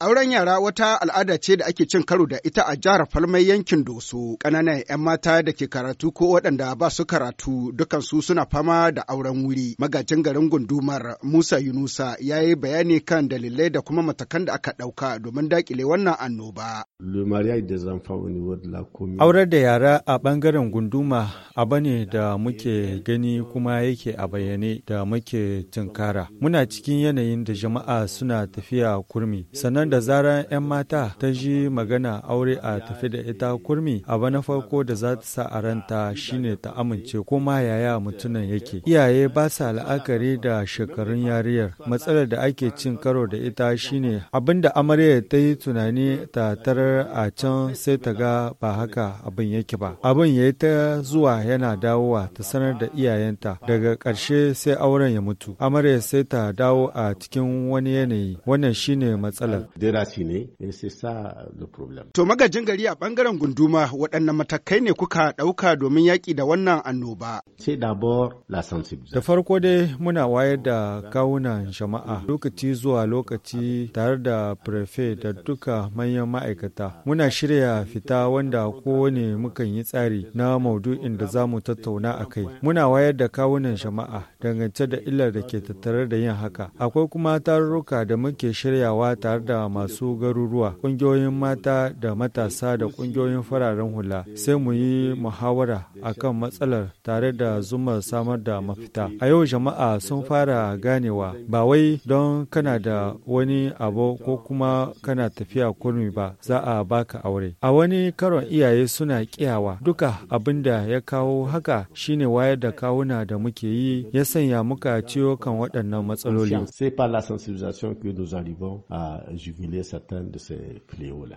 Auren yara wata al'ada ce da ake cin karo da ita a jihar Falmai yankin Doso. Ƙananan 'yan mata da ke karatu ko waɗanda ba su karatu dukansu suna fama da auren wuri. Magajin garin gundumar Musa Yunusa ya yi bayani kan dalilai da kuma matakan da aka ɗauka domin daƙile wannan annoba. Aurar da yara a ɓangaren gunduma abu ne da muke gani kuma yake a bayyane da muke tunkara. Muna cikin yanayin da jama'a suna tafiya kurmi. sanan da zarar 'yan mata ta ji magana aure a tafi da ita kurmi abu na farko da za ta sa a ranta shine ta amince ko ma yaya mutumin yake. Iyaye ba sa la'akari da shekarun yariyar. Matsalar da ake cin karo da ita shine abin da amaryar ta yi tunani ta tarar a can sai ta ga ba haka abin yake ba. Abin ya yi ta zuwa yana dawowa ta sanar da iyayenta daga ƙarshe sai auren ya mutu. Amaryar sai ta dawo a cikin wani yanayi wannan shine matsalar. déraciné ne eh, sai sa da problem. To magajin gari a bangaren gunduma waɗannan matakai ne kuka ɗauka domin yaƙi da wannan annoba. la sensibilisation. Da farko dai muna wayar da kawunan jama'a lokaci zuwa lokaci tare da prefe da duka manyan ma'aikata. Muna shirya fita wanda kowane mukan yi tsari na maudu'in da za mu tattauna a kai. Muna wayar da kawunan jama'a dangance da illar da ke tattare da yin haka. Akwai kuma tarurruka da muke shiryawa tare da masu garuruwa ƙungiyoyin mata da matasa da ƙungiyoyin fararen hula sai mu yi muhawara kan matsalar tare da zuma samar da mafita a yau jama'a sun fara ganewa ba wai don kana da wani abu ko kuma kana tafiya kurmi ba za a baka aure a wani karon iyaye suna kiyawa duka abin da ya kawo haka shine wayar da kawuna da muke yi ya sanya muka ciwo kan waɗannan matsaloli Il est certain de ces fléaux-là.